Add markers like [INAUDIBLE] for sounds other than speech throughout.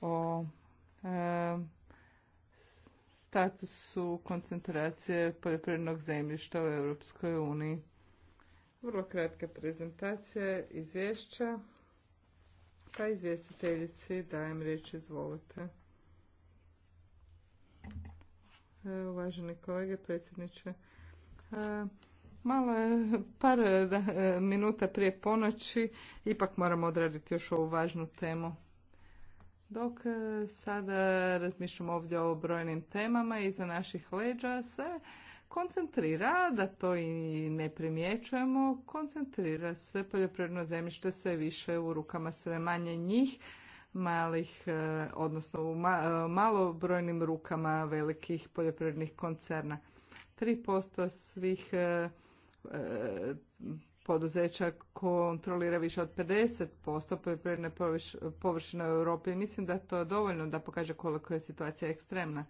o e, statusu koncentracije poljoprivrednog zemljišta u Europskoj uniji. Vrlo kratka prezentacija izvješća. Pa izvjestiteljici dajem riječ, izvolite. E, uvaženi kolege, predsjedniče, e, Malo je par e, e, minuta prije ponoći, ipak moramo odraditi još ovu važnu temu. Dok e, sada razmišljamo ovdje o brojnim temama iza naših leđa se koncentrira, da to i ne primjećujemo, koncentrira se poljoprivredno zemljište sve više u rukama sve manje njih, malih, odnosno u malobrojnim rukama velikih poljoprivrednih koncerna. 3% svih poduzeća kontrolira više od 50% poljoprivredne površine u Europi. Mislim da to je dovoljno da pokaže koliko je situacija ekstremna.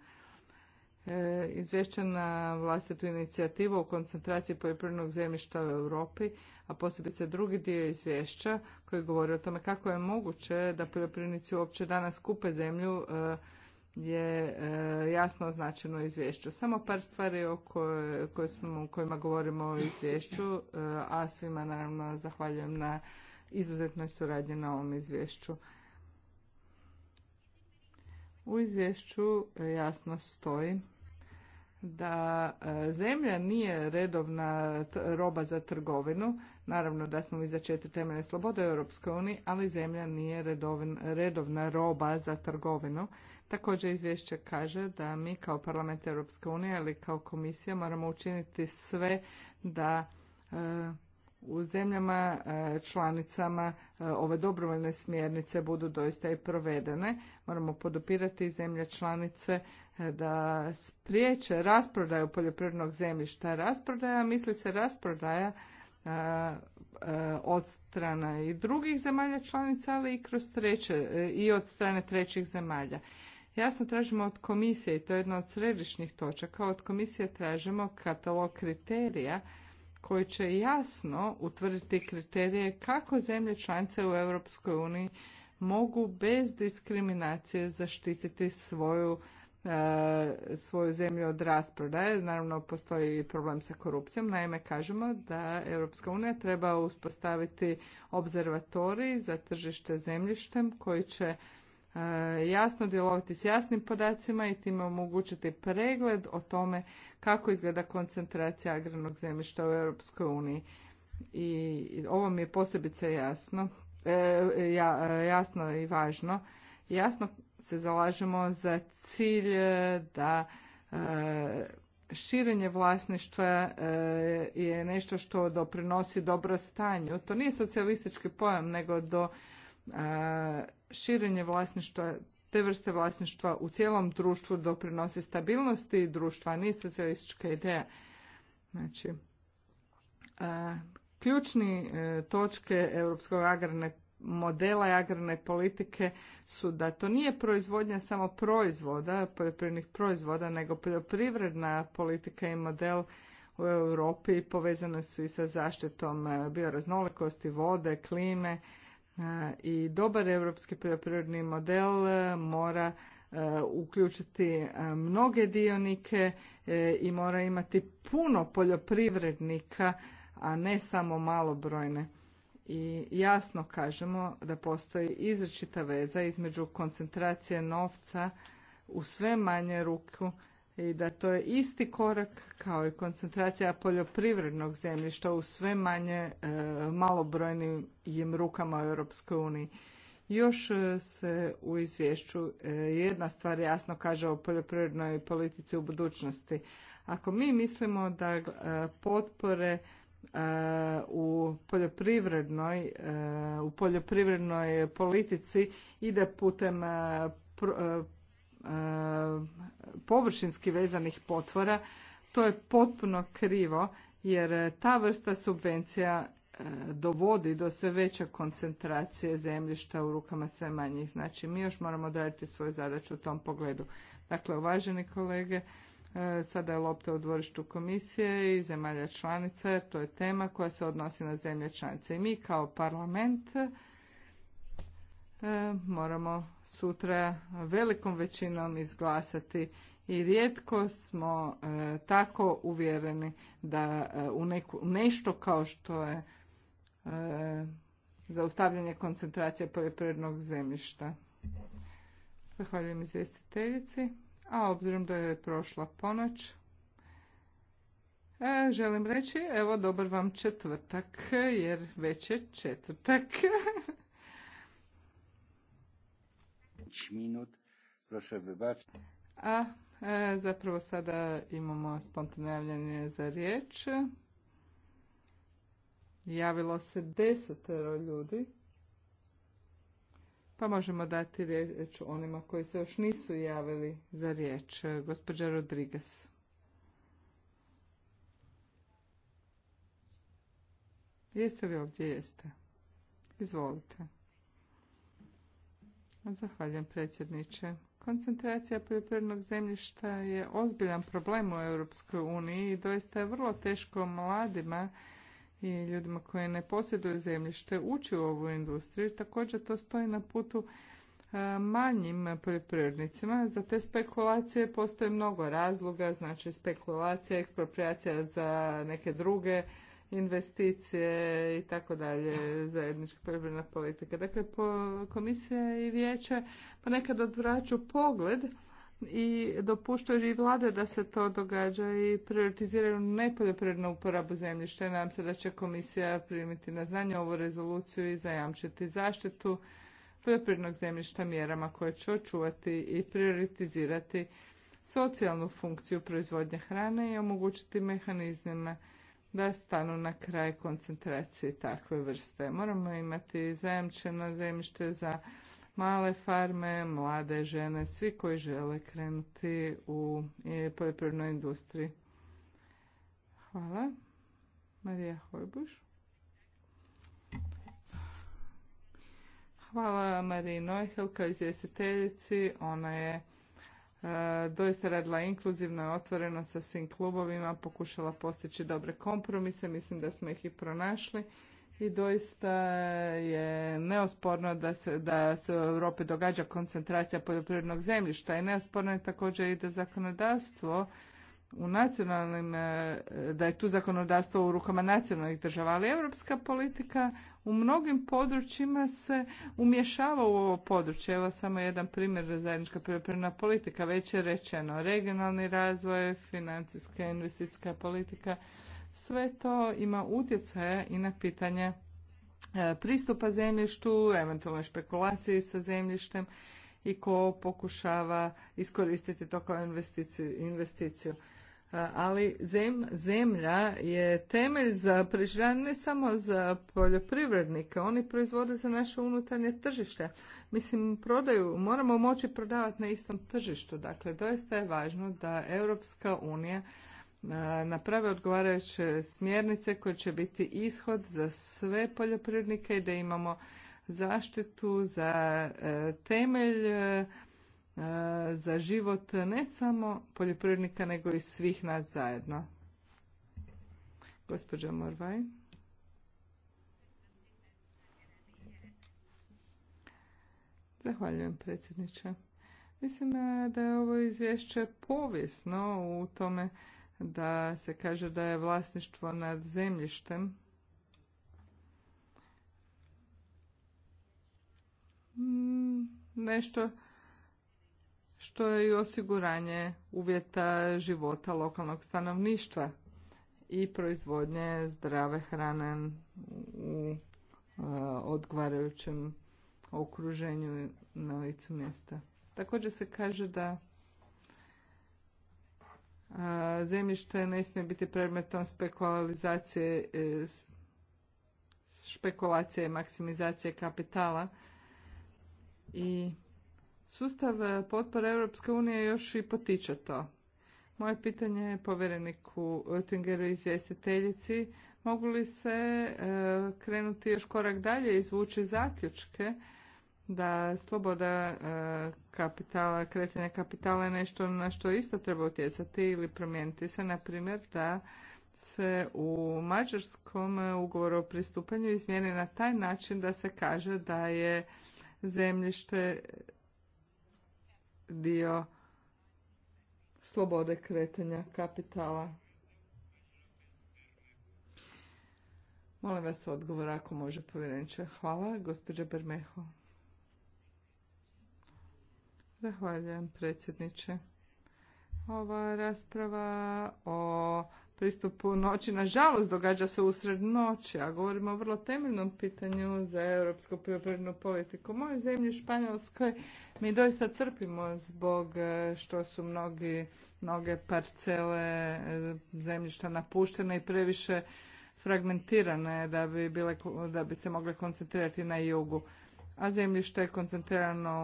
E, izvješće na vlastitu inicijativu o koncentraciji poljoprivrednog zemljišta u Europi, a posebice drugi dio izvješća koji govori o tome kako je moguće da poljoprivrednici uopće danas kupe zemlju e, je e, jasno označeno u izvješću. Samo par stvari o kojima govorimo o izvješću, e, a svima naravno zahvaljujem na izuzetnoj suradnji na ovom izvješću. U izvješću e, jasno stoji da zemlja nije redovna roba za trgovinu. Naravno da smo mi za četiri temeljne slobode u Europskoj ali zemlja nije redovna roba za trgovinu. Također izvješće kaže da mi kao parlament Europske unije ali kao komisija moramo učiniti sve da e, u zemljama e, članicama e, ove dobrovoljne smjernice budu doista i provedene. Moramo podupirati zemlje članice da spriječe rasprodaju poljoprivrednog zemljišta. Rasprodaja, misli se rasprodaja od strana i drugih zemalja članica, ali i kroz treće, i od strane trećih zemalja. Jasno tražimo od komisije, i to je jedna od središnjih točaka, od komisije tražimo katalog kriterija koji će jasno utvrditi kriterije kako zemlje članice u Europskoj uniji mogu bez diskriminacije zaštititi svoju e, svoju zemlju od rasprodaje. Naravno, postoji i problem sa korupcijom. Naime, kažemo da Europska unija treba uspostaviti observatorij za tržište zemljištem koji će E, jasno djelovati s jasnim podacima i time omogućiti pregled o tome kako izgleda koncentracija agrarnog zemljišta u Europskoj uniji. I ovo mi je posebice jasno, e, jasno i važno. Jasno se zalažemo za cilj e, da širenje vlasništva je nešto što doprinosi dobro stanju. To nije socijalistički pojam, nego do širenje vlasništva te vrste vlasništva u cijelom društvu doprinosi stabilnosti društva, a nije socijalistička ideja. Znači, a, ključni e, točke europskog agrarne modela i agrarne politike su da to nije proizvodnja samo proizvoda, poljoprivrednih proizvoda, nego poljoprivredna politika i model u Europi povezane su i sa zaštitom e, bioraznolikosti, vode, klime, i dobar europski poljoprivredni model e, mora e, uključiti e, mnoge dionike i mora imati puno poljoprivrednika, a ne samo malobrojne. I jasno kažemo da postoji izričita veza između koncentracije novca u sve manje ruku i da to je isti korak kao i koncentracija poljoprivrednog zemljišta u sve manje e, malobrojnim rukama u Europskoj uniji. Još e, se u izvješću e, jedna stvar jasno kaže o poljoprivrednoj politici u budućnosti. Ako mi mislimo da potpore u poljoprivrednoj, u poljoprivrednoj politici ide putem E, površinski vezanih potvora, to je potpuno krivo jer e, ta vrsta subvencija e, dovodi do sve veće koncentracije zemljišta u rukama sve manjih. Znači, mi još moramo odraditi svoju zadaću u tom pogledu. Dakle, uvaženi kolege, sada je lopta u dvorištu komisije i zemalja članica, to je tema koja se odnosi na zemlje članice. I mi kao parlament E, moramo sutra velikom većinom izglasati i rijetko smo e, tako uvjereni da e, u neku, nešto kao što je zaustavljanje koncentracije poljoprivrednog zemljišta. Zahvaljujem izvjestiteljici. A obzirom da je prošla ponoć, želim reći, evo, dobar vam četvrtak, jer već je četvrtak. [LAUGHS] minut. Proszę wybaczyć. A e, zapravo sada imamo spontane javljanje za riječ. Javilo se desetero ljudi. Pa možemo dati riječ onima koji se još nisu javili za riječ. Gospođa Rodriguez. Jeste li ovdje? Jeste. Izvolite. Zahvaljujem predsjedniče. Koncentracija poljoprivrednog zemljišta je ozbiljan problem u Europskoj uniji i doista je vrlo teško mladima i ljudima koji ne posjeduju zemljište ući u ovu industriju. Također to stoji na putu e, manjim poljoprivrednicima. Za te spekulacije postoji mnogo razloga, znači spekulacija, ekspropriacija za neke druge investicije i tako dalje, zajednička poljoprivredna politika. Dakle, po komisija i vijeće ponekad odvraću pogled i dopuštaju i vlade da se to događa i prioritiziraju nepoljoprivrednu uporabu zemljišta. Nadam se da će komisija primiti na znanje ovu rezoluciju i zajamčiti zaštitu poljoprivrednog zemljišta mjerama koje će očuvati i prioritizirati socijalnu funkciju proizvodnje hrane i omogućiti mehanizmima da stanu na kraj koncentracije takve vrste. Moramo imati zajamčeno zemljište za male farme, mlade žene, svi koji žele krenuti u poljoprivrednoj industriji. Hvala. Marija Hojbuš. Hvala Mariji Nojhelka kao izvjestiteljici. Ona je E, doista radila inkluzivno, otvoreno sa svim klubovima, pokušala postići dobre kompromise, mislim da smo ih i pronašli i doista je neosporno da se, da se u Europi događa koncentracija poljoprivrednog zemljišta i neosporno je također i da zakonodavstvo u nacionalnim, e, da je tu zakonodavstvo u rukama nacionalnih država, ali europska politika u mnogim područjima se umješava u ovo područje. Evo samo jedan primjer zajednička poljoprivredna politika, već je rečeno regionalni razvoj, financijska investicijska politika, sve to ima utjecaja i na pitanje e, pristupa zemljištu, eventualno špekulaciji sa zemljištem i ko pokušava iskoristiti to kao investiciju ali zem, zemlja je temelj za preživljanje ne samo za poljoprivrednike, oni proizvode za naše unutarnje tržište. Mislim, prodaju, moramo moći prodavati na istom tržištu. Dakle, doista je važno da Europska unija e, naprave odgovarajuće smjernice koje će biti ishod za sve poljoprivrednike i da imamo zaštitu za e, temelj e, E, za život ne samo poljoprivrednika nego i svih nas zajedno. Gospođa Morvaj. Zahvaljujem predsjedniče. Mislim e, da je ovo izvješće povijesno u tome da se kaže da je vlasništvo nad zemljištem nešto što je i osiguranje uvjeta života lokalnog stanovništva i proizvodnje zdrave hrane u e, odgovarajućem okruženju na licu mjesta. Također se kaže da e, zemljište ne smije biti predmetom spekulacije e, špekulacije i maksimizacije kapitala i Sustav e, potpora Europske unije još i potiče to. Moje pitanje je povjereniku Oettingeru izvjestiteljici. Mogu li se e, krenuti još korak dalje i izvući zaključke da sloboda e, kapitala, kretanja kapitala je nešto na što isto treba utjecati ili promijeniti se, na primjer da se u mađarskom ugovoru o pristupanju izmijeni na taj način da se kaže da je zemljište dio slobode kretanja kapitala. Molim vas odgovor ako može povjereniče. Hvala, gospođa Bermeho. Zahvaljujem predsjedniče. Ova rasprava o pristupu noći, nažalost, događa se usred noći, a govorimo o vrlo temeljnom pitanju za europsku poljoprivrednu politiku. Moje zemlje, Španjolskoj mi doista trpimo zbog e, što su mnogi, mnoge parcele e, zemljišta napuštene i previše fragmentirane da bi, bile, da bi se mogle koncentrirati na jugu. A zemljište je koncentrirano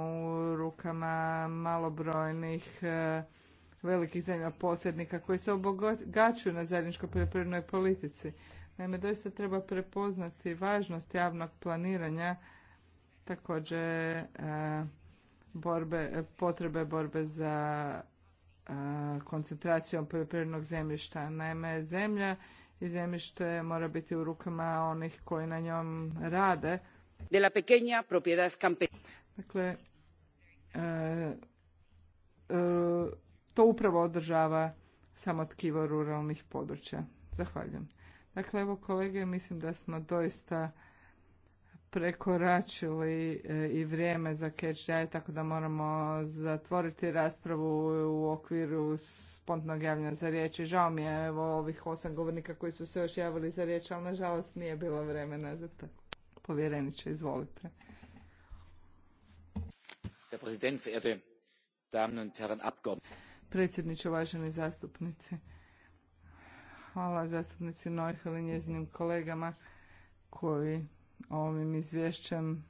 u rukama malobrojnih e, velikih zemljoposjednika koji se obogaćuju na zajedničkoj poljoprivrednoj politici. Naime, doista treba prepoznati važnost javnog planiranja također borbe, potrebe borbe za koncentracijom poljoprivrednog zemljišta. Naime, zemlja i zemljište mora biti u rukama onih koji na njom rade. De la pequeña propiedad Dakle, e, e, to upravo održava samo tkivo ruralnih područja. Zahvaljujem. Dakle, evo kolege, mislim da smo doista prekoračili e, i vrijeme za catch tako da moramo zatvoriti raspravu u okviru spontnog javljanja za riječi. žao mi je evo, ovih osam govornika koji su se još javili za riječ, ali nažalost nije bilo vremena za to. Povjereniče, izvolite. Predsjedniče, uvaženi zastupnici. Hvala zastupnici Nojhel i njezinim kolegama koji ovim izvješćem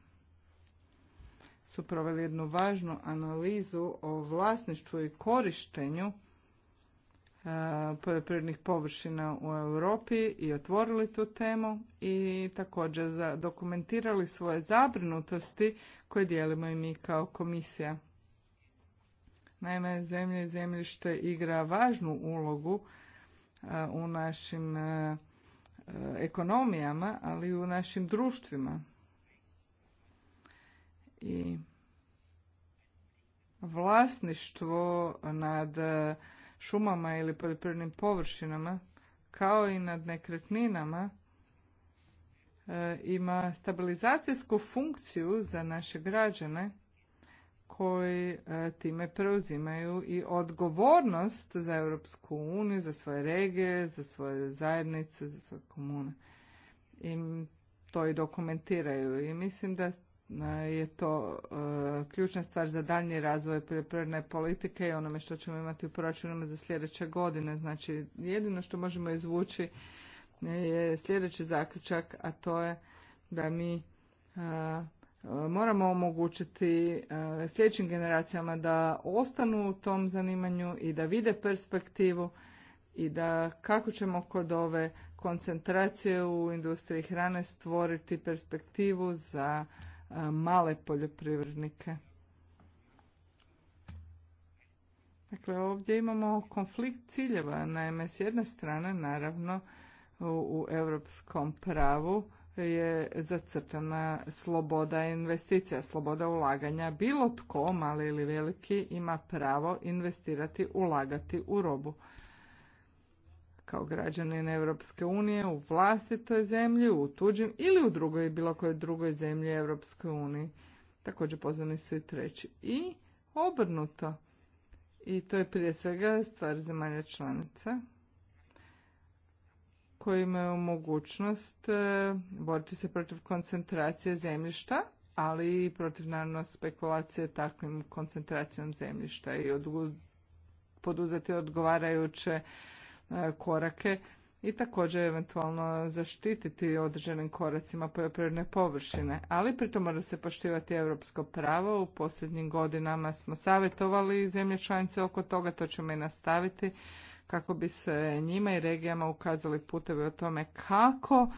su proveli jednu važnu analizu o vlasništvu i korištenju e, poljoprivrednih površina u Europi i otvorili tu temu i također dokumentirali svoje zabrinutosti koje dijelimo i mi kao komisija. Naime, zemlje i zemljište igra važnu ulogu e, u našim e, E, ekonomijama, ali i u našim društvima. I vlasništvo nad e, šumama ili poljoprivrednim površinama, kao i nad nekretninama, e, ima stabilizacijsku funkciju za naše građane – koji e, time preuzimaju i odgovornost za Europsku uniju, za svoje regije, za svoje zajednice, za svoje komune. I to i dokumentiraju i mislim da e, je to e, ključna stvar za daljnji razvoj poljoprivredne politike i onome što ćemo imati u proračunima za sljedeće godine. Znači, jedino što možemo izvući je sljedeći zaključak, a to je da mi moramo omogućiti e, sljedećim generacijama da ostanu u tom zanimanju i da vide perspektivu i da kako ćemo kod ove koncentracije u industriji hrane stvoriti perspektivu za e, male poljoprivrednike. Dakle, ovdje imamo konflikt ciljeva. Naime, s jedne strane, naravno, u europskom pravu je zacrtana sloboda investicija, sloboda ulaganja. Bilo tko, mali ili veliki, ima pravo investirati, ulagati u robu. Kao građanin Europske unije u vlastitoj zemlji, u tuđim ili u drugoj, bilo kojoj drugoj zemlji Europske unije. Također pozvani su i treći. I obrnuto. I to je prije svega stvar zemalja članica koji imaju mogućnost e, boriti se protiv koncentracije zemljišta, ali i protiv naravno spekulacije takvim koncentracijom zemljišta i poduzeti odgovarajuće e, korake i također eventualno zaštititi određenim koracima poljoprivredne površine. Ali pritom mora se poštivati europsko pravo. U posljednjim godinama smo savjetovali zemlje članice oko toga, to ćemo i nastaviti kako bi se njima i regijama ukazali putevi o tome kako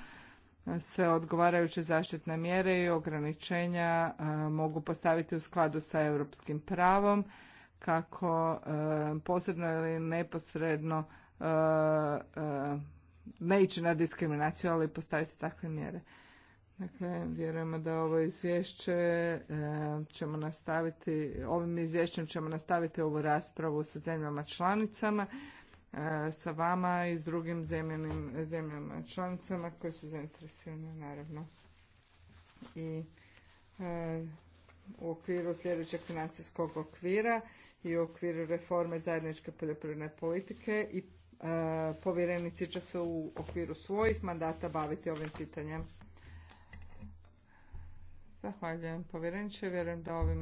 se odgovarajuće zaštitne mjere i ograničenja e, mogu postaviti u skladu sa europskim pravom kako e, posredno ili neposredno e, ne ići na diskriminaciju, ali postaviti takve mjere. Dakle, vjerujemo da ovo izvješće ćemo nastaviti, ovim izvješćem ćemo nastaviti ovu raspravu sa zemljama članicama sa vama i s drugim zemljama članicama koje su zainteresirane naravno. I e, u okviru sljedećeg financijskog okvira i u okviru reforme zajedničke poljoprivredne politike i e, povjerenici će se u okviru svojih mandata baviti ovim pitanjem. Zahvaljujem povjereniče, vjerujem da ovim...